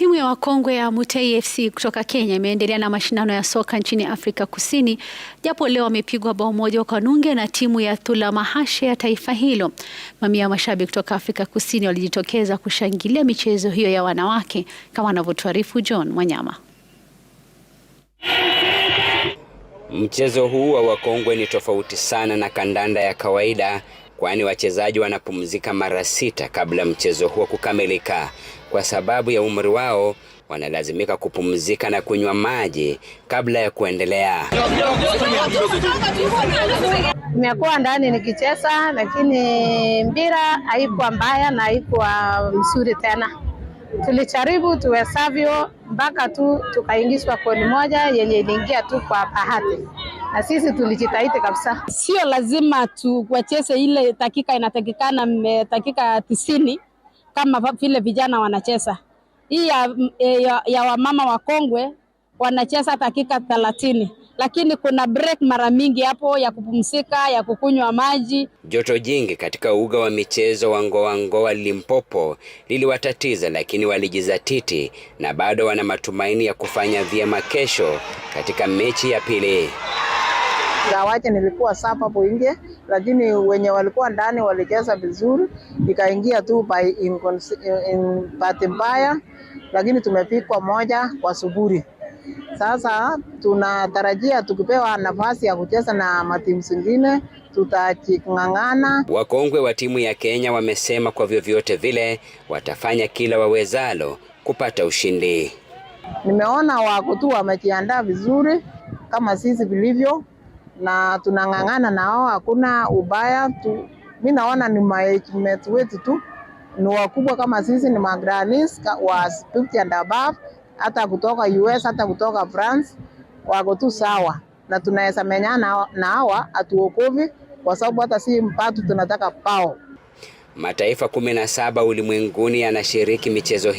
Timu ya wakongwe ya Mutei FC kutoka Kenya imeendelea na mashindano ya soka nchini Afrika Kusini, japo leo wamepigwa bao moja kwa nunge na timu ya Thula Mahashe ya taifa hilo. Mamia ya mashabiki kutoka Afrika Kusini walijitokeza kushangilia michezo hiyo ya wanawake, kama anavyotuarifu John Wanyama. Mchezo huu wa wakongwe ni tofauti sana na kandanda ya kawaida kwani wachezaji wanapumzika mara sita kabla mchezo huo kukamilika. Kwa sababu ya umri wao, wanalazimika kupumzika na kunywa maji kabla ya kuendelea. Nimekuwa ndani nikicheza, lakini mpira haikuwa mbaya na haikuwa mzuri tena. Tulijaribu tuwezavyo mpaka tu tukaingizwa goli moja yenye iliingia tu kwa bahati na sisi tulijitahidi kabisa. Sio lazima tuwacheze ile dakika inatakikana eh, dakika tisini kama vile vijana wanacheza. Hii ya, eh, ya, ya wamama wakongwe wanacheza dakika thelathini lakini kuna break mara mingi hapo ya kupumzika ya kukunywa maji. Joto jingi katika uga wa michezo wa Ngoa Ngoa Limpopo liliwatatiza, lakini walijizatiti na bado wana matumaini ya kufanya vyema kesho katika mechi ya pili za nilikuwa sapa hapo nje, lakini wenye walikuwa ndani walicheza vizuri, ikaingia tu by bahati mbaya, lakini tumepikwa moja kwa suburi Sasa tunatarajia tukipewa nafasi ya kucheza na matimu zingine tutaching'ang'ana. Wakongwe wa timu ya Kenya wamesema kwa vyovyote vile watafanya kila wawezalo kupata ushindi. Nimeona wako tu wamejiandaa vizuri kama sisi vilivyo na tunang'ang'ana nao hakuna ubaya tu. Mimi naona ni management wetu tu ni wakubwa kama sisi, ni magranis wa 50 and above, hata kutoka US hata kutoka France wako tu sawa, na tunaweza menyana na hawa atuokovi, kwa sababu hata si mpatu tunataka pao. Mataifa kumi na saba ulimwenguni yanashiriki michezo hii.